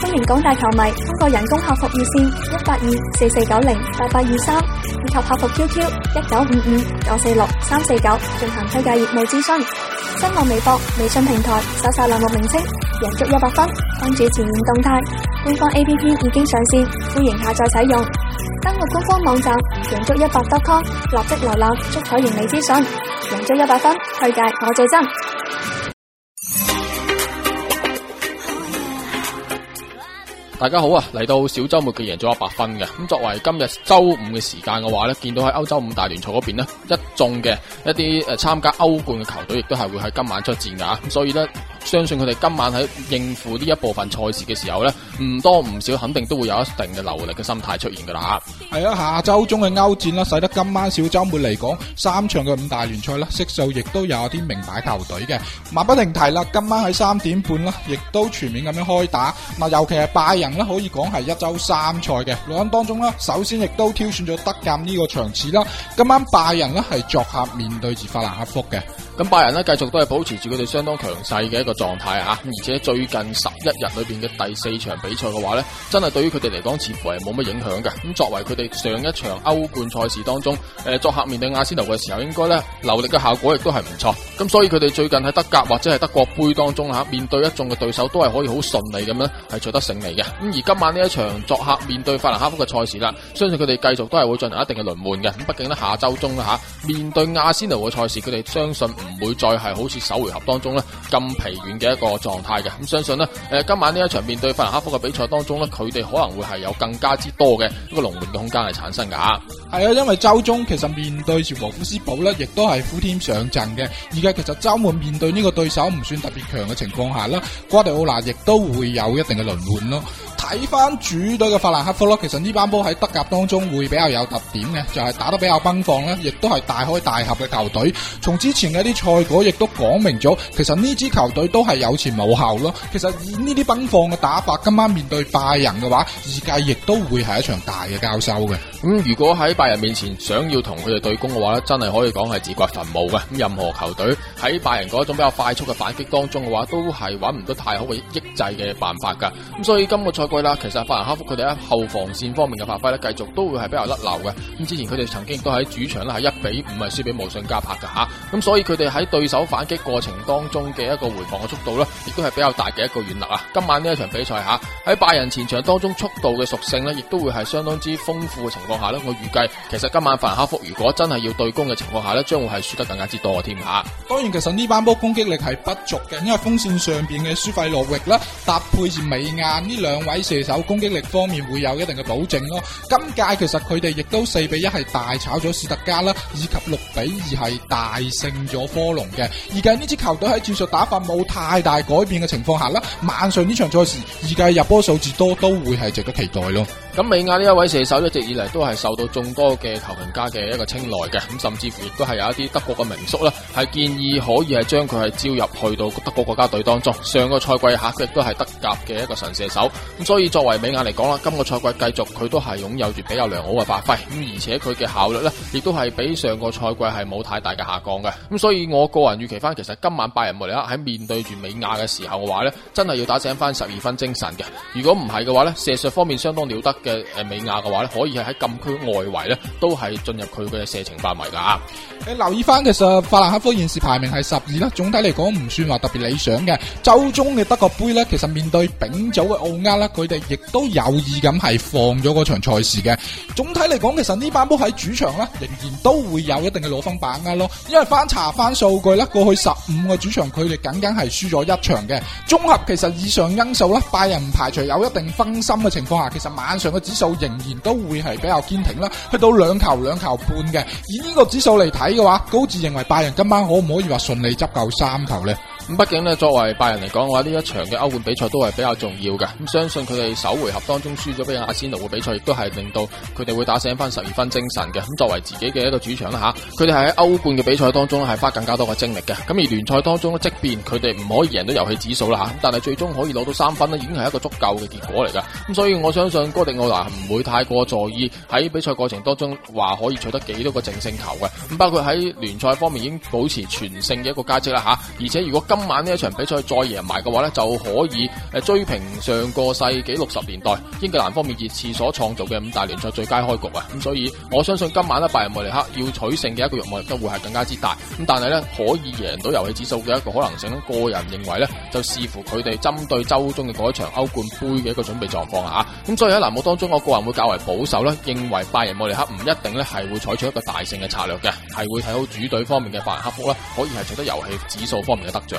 歡迎廣大球迷通過人工客服熱線一八二四四九零八八二三以及客服 QQ 一九五五九四六三四九進行推介業務諮詢。新浪微博、微信平台搜索欄目名稱贏足一百分，關注前沿動態。官方 APP 已經上線，歡迎下載使用。登錄官方網站贏足一百分 .com，立即瀏覽足彩盈利資訊。贏足一百分，推介我最真。大家好啊！嚟到小周末嘅贏咗一百分贏足 100FUN 嘅咁，作為今日周五嘅時間嘅話呢，見到喺歐洲五大聯賽嗰邊呢，一眾嘅一啲誒參加歐冠嘅球隊，亦都係會喺今晚出戰嘅咁，所以呢。相信佢哋今晚喺應付呢一部分賽事嘅時候呢，唔多唔少肯定都會有一定嘅留力嘅心態出現噶啦。係啊，下周中嘅歐戰啦，使得今晚小周末嚟講三場嘅五大聯賽啦，悉數亦都有啲名牌球隊嘅。馬不停蹄啦，今晚喺三點半啦，亦都全面咁樣開打。嗱，尤其係拜仁啦，可以講係一周三賽嘅兩當中啦，首先亦都挑選咗德甲呢個場次啦。今晚拜仁咧係作客面對住法蘭克福嘅。咁拜仁呢，繼續都係保持住佢哋相當強勢嘅一個狀態啊！而且最近十一日裏邊嘅第四場比賽嘅話呢，真係對於佢哋嚟講，似乎係冇乜影響嘅。咁、嗯、作為佢哋上一場歐冠賽事當中，誒、呃、作客面對阿仙奴嘅時候，應該呢，留力嘅效果亦都係唔錯。咁、嗯、所以佢哋最近喺德甲或者係德國盃當中吓、啊，面對一眾嘅對手都係可以好順利咁樣，係取得勝利嘅。咁、嗯、而今晚呢一場作客面對法蘭克福嘅賽事啦，相信佢哋繼續都係會進行一定嘅輪換嘅。咁、嗯、畢竟呢，下周中吓、啊、面對阿仙奴嘅賽事，佢哋相信。唔會再係好似首回合當中咧咁疲軟嘅一個狀態嘅，咁相信呢，誒、呃、今晚呢一場面對法蘭克福嘅比賽當中呢，佢哋可能會係有更加之多嘅一個輪換嘅空間係產生噶吓，係啊，因為周中其實面對住禾夫斯堡呢，亦都係苦添上陣嘅，而家其實周末面對呢個對手唔算特別強嘅情況下啦，瓜迪奧拿亦都會有一定嘅輪換咯。睇翻主隊嘅法蘭克福咯，其實呢班波喺德甲當中會比較有特點嘅，就係打得比較奔放咧，亦都係大開大合嘅球隊。從之前嘅啲賽果亦都講明咗，其實呢支球隊都係有前冇後咯。其實呢啲奔放嘅打法，今晚面對拜仁嘅話，而家亦都會係一場大嘅交收嘅。嗯。咁如果喺拜仁面前想要同佢哋對攻嘅話咧，真係可以講係自掘墳墓嘅。任何球隊喺拜仁嗰一種比較快速嘅反擊當中嘅話，都係搵唔到太好嘅抑制嘅辦法噶。咁所以今個賽。啦，其實法蘭克福佢哋喺後防線方面嘅發揮咧，繼續都會係比較甩漏嘅。咁之前佢哋曾經亦都喺主場咧係一比五係輸俾莫信加拍嘅吓，咁所以佢哋喺對手反擊過程當中嘅一個回防嘅速度呢，亦都係比較大嘅一個軟肋啊。今晚呢一場比賽吓，喺拜仁前場當中速度嘅屬性呢，亦都會係相當之豐富嘅情況下呢。我預計其實今晚法蘭克福如果真係要對攻嘅情況下呢，將會係輸得更加之多添吓。當然，其實呢班波攻擊力係不俗嘅，因為鋒線上邊嘅舒費落域咧搭配住美亞呢兩位。射手攻擊力方面會有一定嘅保證咯。今屆其實佢哋亦都四比一係大炒咗史特加啦，以及六比二係大勝咗科隆嘅。而家呢支球隊喺戰術打法冇太大改變嘅情況下啦，晚上呢場賽事，而家入波數字多都會係值得期待咯。咁美亞呢一位射手一直以嚟都係受到眾多嘅球評家嘅一個青睞嘅，咁甚至乎亦都係有一啲德國嘅名宿啦，係建議可以係將佢係招入去到德國國家隊當中。上個賽季吓佢亦都係德甲嘅一個神射手，咁所以作為美亞嚟講啦，今個賽季繼續佢都係擁有住比較良好嘅發揮，咁而且佢嘅效率呢，亦都係比上個賽季係冇太大嘅下降嘅。咁所以我個人預期翻，其實今晚拜仁慕尼黑喺面對住美亞嘅時候嘅話咧，真係要打醒翻十二分精神嘅。如果唔係嘅話呢，射術方面相當了得。嘅美亞嘅話咧，可以係喺禁區外圍咧，都係進入佢嘅射程範圍噶。你留意翻其實法蘭克福現時排名係十二啦，總體嚟講唔算話特別理想嘅。週中嘅德國杯咧，其實面對丙組嘅奧壓啦，佢哋亦都有意咁係放咗嗰場賽事嘅。總體嚟講，其實呢班波喺主場咧，仍然都會有一定嘅攞分把握咯。因為翻查翻數據咧，過去十五個主場佢哋僅僅係輸咗一場嘅。綜合其實以上因素咧，拜仁唔排除有一定分心嘅情況下，其實晚上個指數仍然都會係比較堅挺啦，去到兩球兩球半嘅，以呢個指數嚟睇嘅話，高智認為拜仁今晚可唔可以話順利執夠三球咧？咁畢竟咧，作為拜仁嚟講嘅話，呢一場嘅歐冠比賽都係比較重要嘅。咁相信佢哋首回合當中輸咗俾阿仙奴嘅比賽，亦都係令到佢哋會打醒翻十二分精神嘅。咁作為自己嘅一個主場啦，吓、啊，佢哋係喺歐冠嘅比賽當中係花更加多嘅精力嘅。咁而聯賽當中咧，即便佢哋唔可以贏到遊戲指數啦，吓、啊，但係最終可以攞到三分咧，已經係一個足夠嘅結果嚟噶。咁、啊、所以我相信哥迪奧拿唔會太過在意喺比賽過程當中話可以取得幾多個淨勝球嘅。咁、啊、包括喺聯賽方面已經保持全勝嘅一個佳績啦，吓、啊。而且如果今今晚呢一場比賽再贏埋嘅話呢，就可以誒追平上個世紀六十年代英格蘭方面熱刺所創造嘅五大聯賽最佳開局啊！咁所以我相信今晚呢，拜仁慕尼黑要取勝嘅一個欲望都會係更加之大。咁但係呢，可以贏到遊戲指數嘅一個可能性咧，個人認為呢，就視乎佢哋針對周中嘅嗰一場歐冠盃嘅一個準備狀況啊！咁所以喺欄目當中，我個人會較為保守咧，認為拜仁慕尼黑唔一定呢係會採取一個大勝嘅策略嘅，係會睇好主隊方面嘅法蘭克福咧，可以係取得遊戲指數方面嘅得著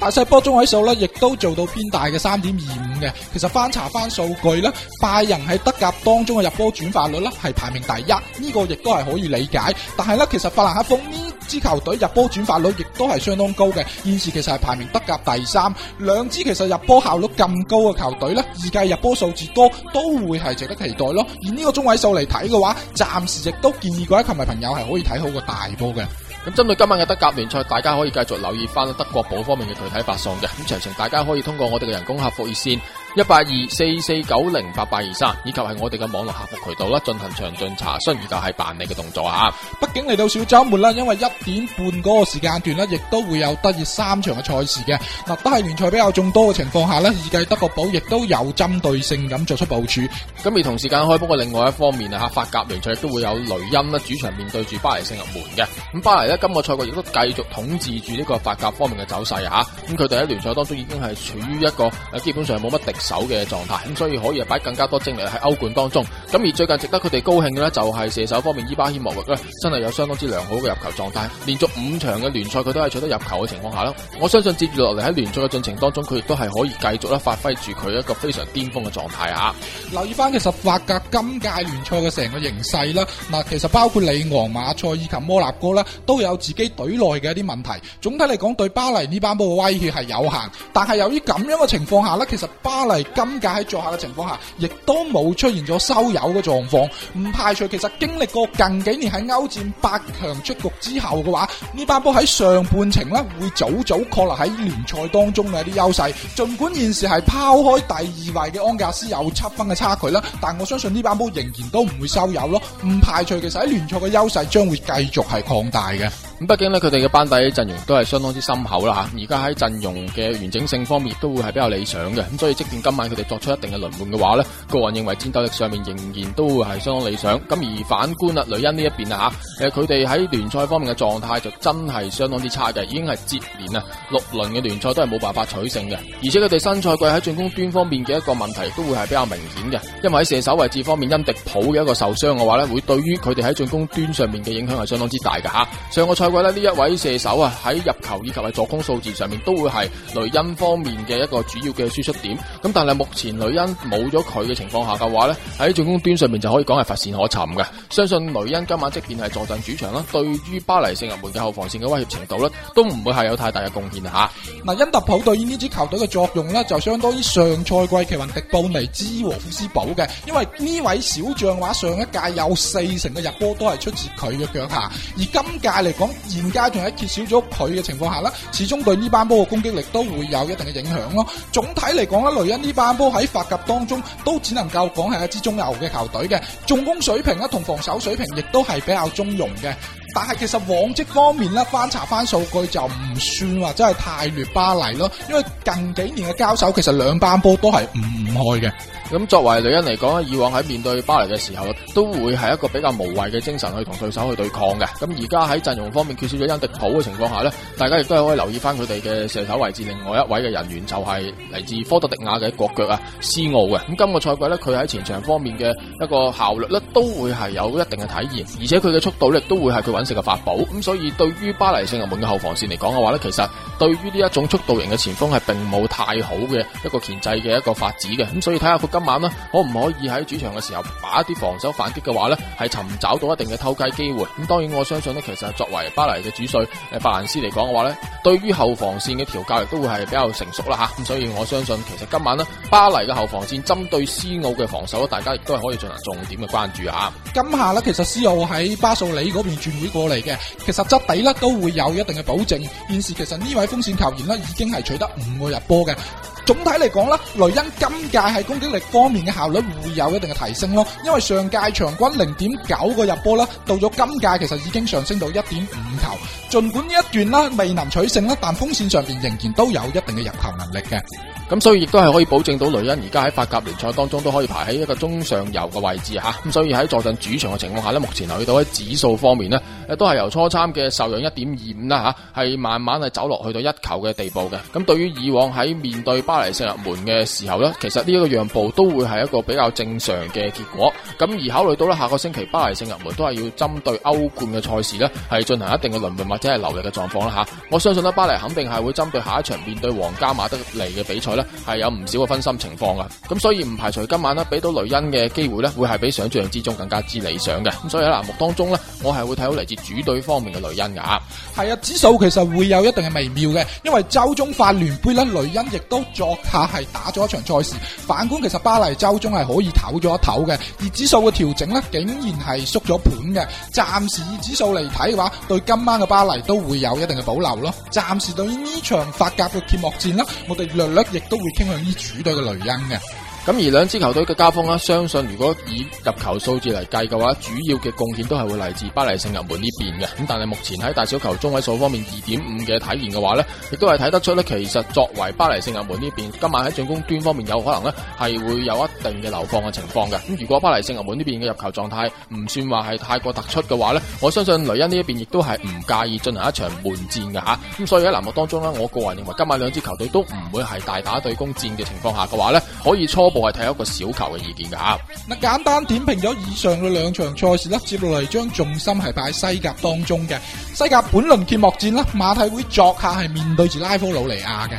大細波中位數咧，亦都做到偏大嘅三點二五嘅。其實翻查翻數據咧，拜仁喺德甲當中嘅入波轉化率咧係排名第一，呢個亦都係可以理解。但係咧，其實法蘭克福呢支球隊入波轉化率亦都係相當高嘅，現時其實係排名德甲第三。兩支其實入波效率咁高嘅球隊咧，預計入波數字多，都會係值得期待咯。而呢個中位數嚟睇嘅話，暫時亦都建議各位球迷朋友係可以睇好個大波嘅。咁針對今晚嘅德甲聯賽，大家可以繼續留意翻德國寶方面嘅具體發送嘅。詳情，大家可以通過我哋嘅人工客服熱線，一八二四四九零八八二三，以及係我哋嘅網絡客服渠道啦，進行詳盡查詢，而就係辦理嘅動作啊！畢竟嚟到小周末啦，因為一點半嗰個時間段呢，亦都會有得熱三場嘅賽事嘅。嗱，德系聯賽比較眾多嘅情況下呢，預計德國寶亦都有針對性咁作出部署。咁而同時間開波嘅另外一方面啊，吓法甲聯賽亦都會有雷音啦，主場面對住巴黎聖日門嘅，咁巴黎呢，今個賽季亦都繼續統治住呢個法甲方面嘅走勢啊！咁佢哋喺聯賽當中已經係處於一個基本上冇乜敵。手嘅狀態咁，所以可以擺更加多精力喺歐冠當中。咁而最近值得佢哋高興嘅呢，就係射手方面伊巴希莫域咧，真係有相當之良好嘅入球狀態，連續五場嘅聯賽佢都係取得入球嘅情況下啦。我相信接住落嚟喺聯賽嘅進程當中，佢亦都係可以繼續咧發揮住佢一個非常巔峰嘅狀態啊！留意翻其實法甲今屆聯賽嘅成個形勢啦，嗱其實包括里昂、馬賽以及摩納哥啦，都有自己隊內嘅一啲問題。總體嚟講，對巴黎呢班波嘅威脅係有限。但係由於咁樣嘅情況下呢，其實巴黎。係今屆喺作客嘅情況下，亦都冇出現咗收油嘅狀況，唔排除其實經歷過近幾年喺歐戰八強出局之後嘅話，呢班波喺上半程咧，會早早確立喺聯賽當中嘅一啲優勢。儘管現時係拋開第二位嘅安格斯有七分嘅差距啦，但我相信呢班波仍然都唔會收油咯，唔排除其實喺聯賽嘅優勢將會繼續係擴大嘅。畢竟咧，佢哋嘅班底陣容都係相當之深厚啦吓，而家喺陣容嘅完整性方面，都會係比較理想嘅。咁所以，即便今晚佢哋作出一定嘅輪換嘅話咧，個人認為戰鬥力上面仍然都會係相當理想。咁而反觀啊，雷恩呢一邊啊，吓，誒，佢哋喺聯賽方面嘅狀態就真係相當之差嘅，已經係接連啊六輪嘅聯賽都係冇辦法取勝嘅。而且佢哋新賽季喺進攻端方面嘅一個問題，都會係比較明顯嘅，因為喺射手位置方面，因迪普嘅一個受傷嘅話咧，會對於佢哋喺進攻端上面嘅影響係相當之大嘅吓。上個賽呢一位射手啊喺入球以及係助攻數字上面都會係雷恩方面嘅一個主要嘅輸出點。咁但係目前雷恩冇咗佢嘅情況下嘅話呢，喺進攻端上面就可以講係乏善可陳嘅。相信雷恩今晚即便係坐鎮主場啦，對於巴黎聖日門嘅後防線嘅威脅程度呢，都唔會係有太大嘅貢獻吓。嗱，恩特普對於呢支球隊嘅作用呢，就相當於上賽季奇雲迪布尼之禾夫斯堡嘅，因為呢位小將嘅話，上一屆有四成嘅入波都係出自佢嘅腳下，而今屆嚟講。而家仲喺缺少咗佢嘅情況下啦，始終對呢班波嘅攻擊力都會有一定嘅影響咯。總體嚟講咧，雷恩呢班波喺法甲當中都只能夠講係一支中游嘅球隊嘅，進攻水平咧同防守水平亦都係比較中庸嘅。但係其實往績方面咧，翻查翻數據就唔算話真係太劣巴黎咯，因為近幾年嘅交手其實兩班波都係唔唔開嘅。咁作為女人嚟講咧，以往喺面對巴黎嘅時候都會係一個比較無畏嘅精神去同對手去對抗嘅。咁而家喺陣容方面缺少咗恩迪普嘅情況下咧，大家亦都係可以留意翻佢哋嘅射手位置。另外一位嘅人員就係嚟自科特迪瓦嘅國腳啊，斯奧嘅。咁今個賽季咧，佢喺前場方面嘅一個效率咧，都會係有一定嘅體現，而且佢嘅速度咧，都會係佢揾食嘅法寶。咁所以對於巴黎聖日門嘅後防線嚟講嘅話咧，其實對於呢一種速度型嘅前鋒係並冇太好嘅一個箝制嘅一個法子嘅。咁所以睇下佢今。今晚啦，可唔可以喺主場嘅時候把一啲防守反擊嘅話呢係尋找到一定嘅偷雞機會？咁當然，我相信呢，其實作為巴黎嘅主帥誒,白蘭斯嚟講嘅話呢對於後防線嘅調教亦都會係比較成熟啦吓。咁所以我相信，其實今晚呢，巴黎嘅後防線針對斯奧嘅防守，大家亦都係可以進行重點嘅關注吓。今夏呢，其實斯奧喺巴素里嗰邊轉會過嚟嘅，其實質地呢都會有一定嘅保證。現時其實呢位鋒線球員呢，已經係取得五個入波嘅。總體嚟講啦，雷恩今屆喺攻擊力方面嘅效率會有一定嘅提升咯，因為上屆場均零點九個入波啦，到咗今屆其實已經上升到一點五球。儘管呢一段啦未能取勝啦，但鋒線上邊仍然都有一定嘅入球能力嘅。咁所以亦都係可以保證到雷恩而家喺法甲聯賽當中都可以排喺一個中上游嘅位置吓。咁所以喺坐鎮主場嘅情況下呢，目前留意到喺指數方面呢，都係由初參嘅受讓一點二五啦吓，係慢慢係走落去到一球嘅地步嘅。咁對於以往喺面對巴黎聖日門嘅時候呢，其實呢一個讓步都會係一個比較正常嘅結果。咁而考慮到呢下個星期巴黎聖日門都係要針對歐冠嘅賽事呢係進行一定嘅輪換或者係留力嘅狀況啦吓。我相信呢巴黎肯定係會針對下一場面對皇家馬德里嘅比賽呢係有唔少嘅分心情況噶。咁所以唔排除今晚呢俾到雷恩嘅機會呢會係比想象之中更加之理想嘅。咁所以喺欄目當中呢我係會睇好嚟自主隊方面嘅雷恩噶。係啊，指數其實會有一定嘅微妙嘅，因為周中法聯杯咧，雷恩亦都，落下係打咗一場賽事，反觀其實巴黎周中係可以唞咗一唞嘅，而指數嘅調整咧竟然係縮咗盤嘅，暫時以指數嚟睇嘅話，對今晚嘅巴黎都會有一定嘅保留咯。暫時對於呢場法甲嘅揭幕戰啦，我哋略略亦都會傾向於主隊嘅雷恩嘅。咁而兩支球隊嘅交鋒啦，相信如果以入球數字嚟計嘅話，主要嘅貢獻都係會嚟自巴黎聖日門呢邊嘅。咁但係目前喺大小球中位數方面二點五嘅體現嘅話呢，亦都係睇得出呢。其實作為巴黎聖日門呢邊，今晚喺進攻端方面有可能呢係會有一定嘅流放嘅情況嘅。咁如果巴黎聖日門呢邊嘅入球狀態唔算話係太過突出嘅話呢，我相信雷恩呢一邊亦都係唔介意進行一場悶戰嘅吓。咁、啊、所以喺欄目當中啦，我個人認為今晚兩支球隊都唔會係大打對攻戰嘅情況下嘅話呢，可以初我係睇一個小球嘅意見噶吓、啊，嗱，簡單點評咗以上嘅兩場賽事啦，接落嚟將重心係擺喺西甲當中嘅西甲本輪揭幕戰啦，馬體會作客係面對住拉科魯尼亞嘅。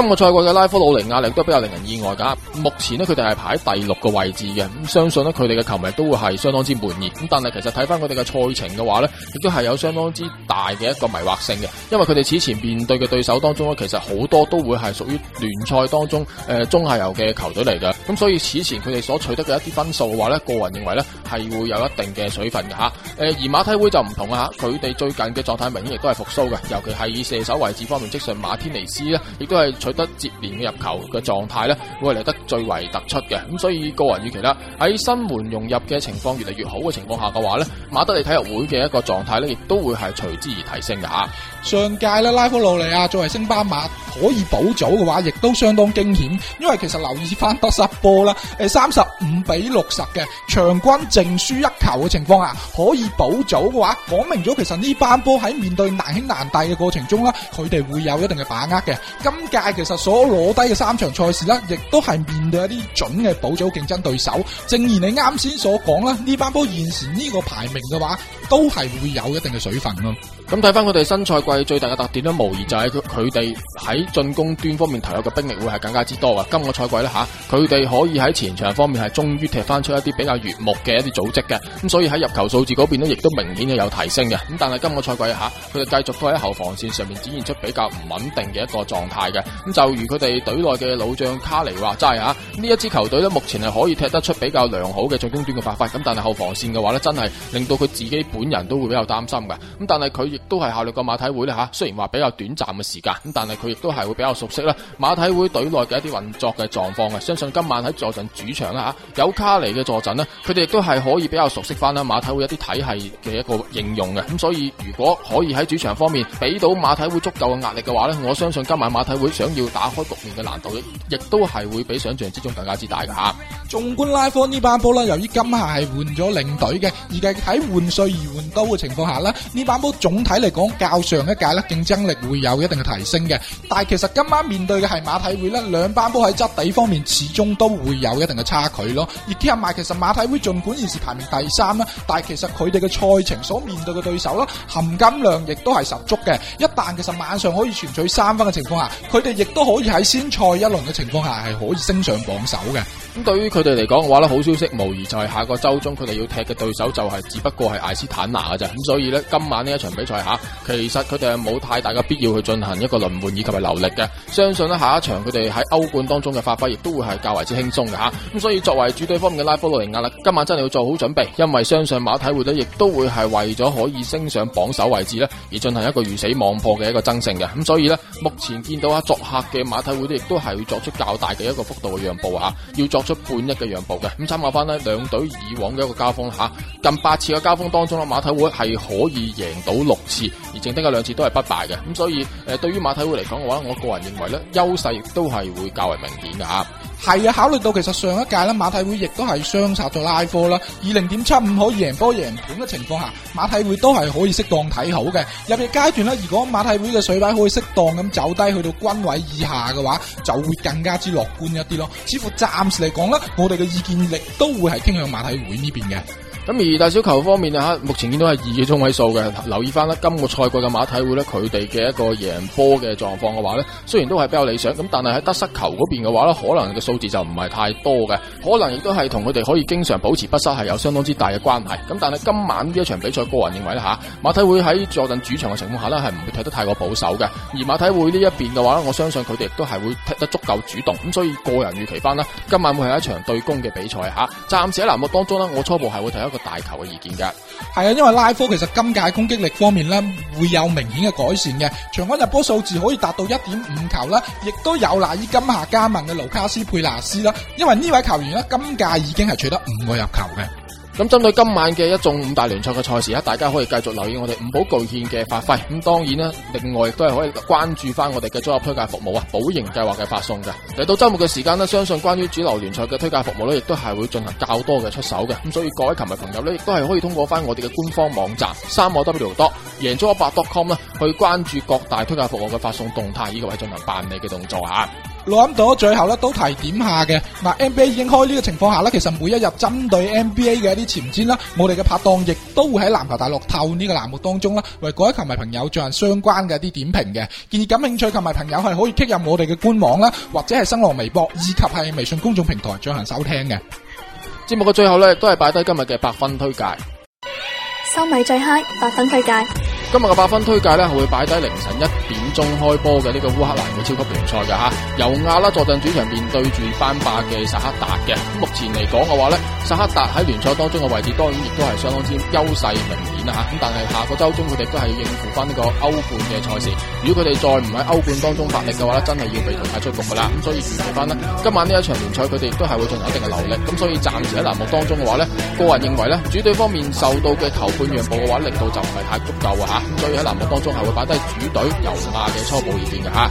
今個賽季嘅拉夫魯尼亞壓力，都比較令人意外噶。目前呢，佢哋係排喺第六個位置嘅，咁相信呢，佢哋嘅球迷都會係相當之滿意。咁但係其實睇返佢哋嘅賽程嘅話呢，亦都係有相當之大嘅一個迷惑性嘅，因為佢哋此前面對嘅對手當中呢，其實好多都會係屬於聯賽當中誒中下游嘅球隊嚟嘅。咁所以此前佢哋所取得嘅一啲分數嘅話呢，個人認為呢係會有一定嘅水分嘅吓。誒、呃，而馬體會就唔同啊，佢哋最近嘅狀態明顯亦都係復甦嘅，尤其係以射手位置方面，即係馬天尼斯呢，亦都係覺得接連嘅入球嘅狀態咧，會嚟得最為突出嘅。咁所以個人預期啦，喺新援融入嘅情況越嚟越好嘅情況下嘅話咧，馬德里體育會嘅一個狀態咧，亦都會係隨之而提升嘅吓。上屆咧拉夫魯利亞作為升班馬可以保組嘅話，亦都相當驚險。因為其實留意翻得失波啦，誒三十五比六十嘅場均淨輸一球嘅情況下，可以保組嘅話，講明咗其實呢班波喺面對難兄難弟嘅過程中啦，佢哋會有一定嘅把握嘅。今屆其實所攞低嘅三場賽事咧，亦都係面對一啲準嘅保組競爭對手。正如你啱先所講啦，呢班波現時呢個排名嘅話，都係會有一定嘅水分咯。咁睇翻佢哋新賽季最大嘅特點咧，無疑就係佢佢哋喺進攻端方面投入嘅兵力會係更加之多嘅。今個賽季咧吓，佢哋可以喺前場方面係終於踢翻出一啲比較悅目嘅一啲組織嘅。咁所以喺入球數字嗰邊咧，亦都明顯係有提升嘅。咁但係今個賽季吓，佢哋繼續都喺後防線上面展現出比較唔穩定嘅一個狀態嘅。咁就如佢哋隊內嘅老將卡尼話齋吓，呢一支球隊咧，目前係可以踢得出比較良好嘅進攻端嘅發揮。咁但係後防線嘅話咧，真係令到佢自己本人都會比較擔心嘅。咁但係佢。都係效力過馬體會啦吓，雖然話比較短暫嘅時間，咁但係佢亦都係會比較熟悉啦。馬體會隊內嘅一啲運作嘅狀況嘅，相信今晚喺坐陣主場啦吓，有卡尼嘅坐陣呢，佢哋亦都係可以比較熟悉翻啦。馬體會一啲體系嘅一個應用嘅，咁所以如果可以喺主場方面俾到馬體會足夠嘅壓力嘅話咧，我相信今晚馬體會想要打開局面嘅難度，亦都係會比想象之中更加之大嘅吓。縱觀拉科呢班波啦，由於今夏係換咗領隊嘅，而係喺換帥而換刀嘅情況下啦，呢班波總睇嚟講，較上一屆咧，競爭力會有一定嘅提升嘅。但係其實今晚面對嘅係馬體會咧，兩班波喺質地方面始終都會有一定嘅差距咯。而且埋，其實馬體會盡管現時排名第三啦，但係其實佢哋嘅賽程所面對嘅對手啦，含金量亦都係十足嘅。一旦其實晚上可以存取三分嘅情況下，佢哋亦都可以喺先賽一輪嘅情況下係可以升上榜首嘅。咁對於佢哋嚟講嘅話咧，好消息無疑就係下個周中佢哋要踢嘅對手就係、是、只不過係埃斯坦拿嘅咋。咁所以咧，今晚呢一場比賽，吓，其實佢哋係冇太大嘅必要去進行一個輪換以及係留力嘅，相信咧下一場佢哋喺歐冠當中嘅發揮亦都會係較為之輕鬆嘅吓，咁所以作為主隊方面嘅拉夫洛尼壓力，今晚真係要做好準備，因為相信馬體會呢亦都會係為咗可以升上榜首位置呢，而進行一個魚死網破嘅一個爭勝嘅，咁所以呢，目前見到啊作客嘅馬體會呢亦都係會作出較大嘅一個幅度嘅讓步啊，要作出半一嘅讓步嘅，咁參考翻呢兩隊以往嘅一個交鋒吓，近八次嘅交鋒當中咧，馬體會係可以贏到六。次而剩低嘅兩次都係不敗嘅，咁所以誒對於馬體會嚟講嘅話，我個人認為咧優勢亦都係會較為明顯嘅嚇。係啊，考慮到其實上一屆咧馬體會亦都係雙殺咗拉科啦，以零點七五可以贏波贏盤嘅情況下，馬體會都係可以適當睇好嘅。入夜階段咧，如果馬體會嘅水位可以適當咁走低去到均位以下嘅話，就會更加之樂觀一啲咯。似乎暫時嚟講咧，我哋嘅意見力都會係傾向馬體會呢邊嘅。咁而大小球方面吓，目前見到係二嘅中位數嘅。留意翻啦，今個賽季嘅馬體會咧，佢哋嘅一個贏波嘅狀況嘅話咧，雖然都係比較理想，咁但係喺得失球嗰邊嘅話咧，可能嘅數字就唔係太多嘅，可能亦都係同佢哋可以經常保持不失係有相當之大嘅關係。咁但係今晚呢一場比賽，個人認為咧吓，馬體會喺坐陣主場嘅情況下咧，係唔會踢得太過保守嘅。而馬體會呢一邊嘅話咧，我相信佢哋亦都係會踢得足夠主動。咁所以個人預期翻啦，今晚會係一場對攻嘅比賽吓。暫時喺欄目當中咧，我初步係會睇一個。大球嘅意見嘅，係啊，因為拉科其實今屆攻擊力方面咧會有明顯嘅改善嘅，場均入波數字可以達到一點五球啦，亦都有賴於今夏加盟嘅盧卡斯佩納斯啦，因為呢位球員咧今屆已經係取得五個入球嘅。咁針對今晚嘅一眾五大聯賽嘅賽事啊，大家可以繼續留意我哋唔好巨獻嘅發揮。咁當然咧，另外亦都係可以關注翻我哋嘅綜合推介服務啊，保盈計劃嘅發送嘅。嚟到周末嘅時間呢，相信關於主流聯賽嘅推介服務咧，亦都係會進行較多嘅出手嘅。咁所以各位球迷朋友咧，亦都係可以通過翻我哋嘅官方網站三個 w 多贏足一百 dot com 咧，去關注各大推介服務嘅發送動態，以及係進行辦理嘅動作嚇。諗到最後咧，都提點下嘅。嗱，NBA 已經開呢個情況下咧，其實每一日針對 NBA 嘅一啲前瞻啦，我哋嘅拍檔亦都會喺籃球大樂透呢個欄目當中啦，為各位球迷朋友進行相關嘅一啲點評嘅。建議感興趣球迷朋友係可以進入我哋嘅官網啦，或者係新浪微博以及係微信公眾平台進行收聽嘅。節目嘅最後咧，都係擺低今日嘅百分推介，收米最 high 百分推介。今日嘅八分推介咧，係會擺低凌晨一點鐘開波嘅呢個烏克蘭嘅超級聯賽嘅吓，由亞拉坐鎮主場面，面對住班霸嘅薩克達嘅，啊。目前嚟講嘅話咧，薩克達喺聯賽當中嘅位置當然亦都係相當之優勢明顯啦吓。咁、啊、但係下個周中佢哋都係要應付翻呢個歐冠嘅賽事，如果佢哋再唔喺歐冠當中發力嘅話咧，真係要被淘汰出局噶啦。咁、啊啊、所以預計翻咧，今晚呢一場聯賽佢哋都係會仲有一定嘅留力。咁、啊、所以暫時喺欄目當中嘅話咧，個人認為咧，主隊方面受到嘅球半讓步嘅話，力度就唔係太足夠啊咁所以喺欄目當中係會擺低主隊尤亞嘅初步意見嘅吓，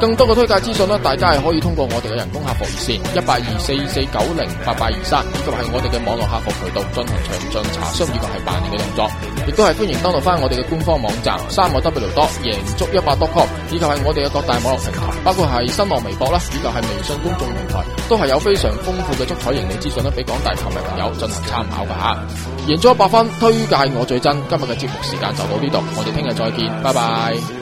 更多嘅推介資訊咧，大家係可以通過我哋嘅人工客服熱線一八二四四九零八八二三，124, 490, 823, 以及係我哋嘅網絡客服渠道進行詳盡查詢，以及係辦理嘅動作，亦都係歡迎登錄翻我哋嘅官方網站三個 w 多贏足一百 dot com 以及係我哋嘅各大網絡平台。包括係新浪微博啦，以及係微信公眾平台，都係有非常豐富嘅足彩盈利資訊咧，俾廣大球迷朋友進行參考㗎嚇。贏足 100FUN，推介我最真。今日嘅節目時間就到呢度，我哋聽日再見，拜拜。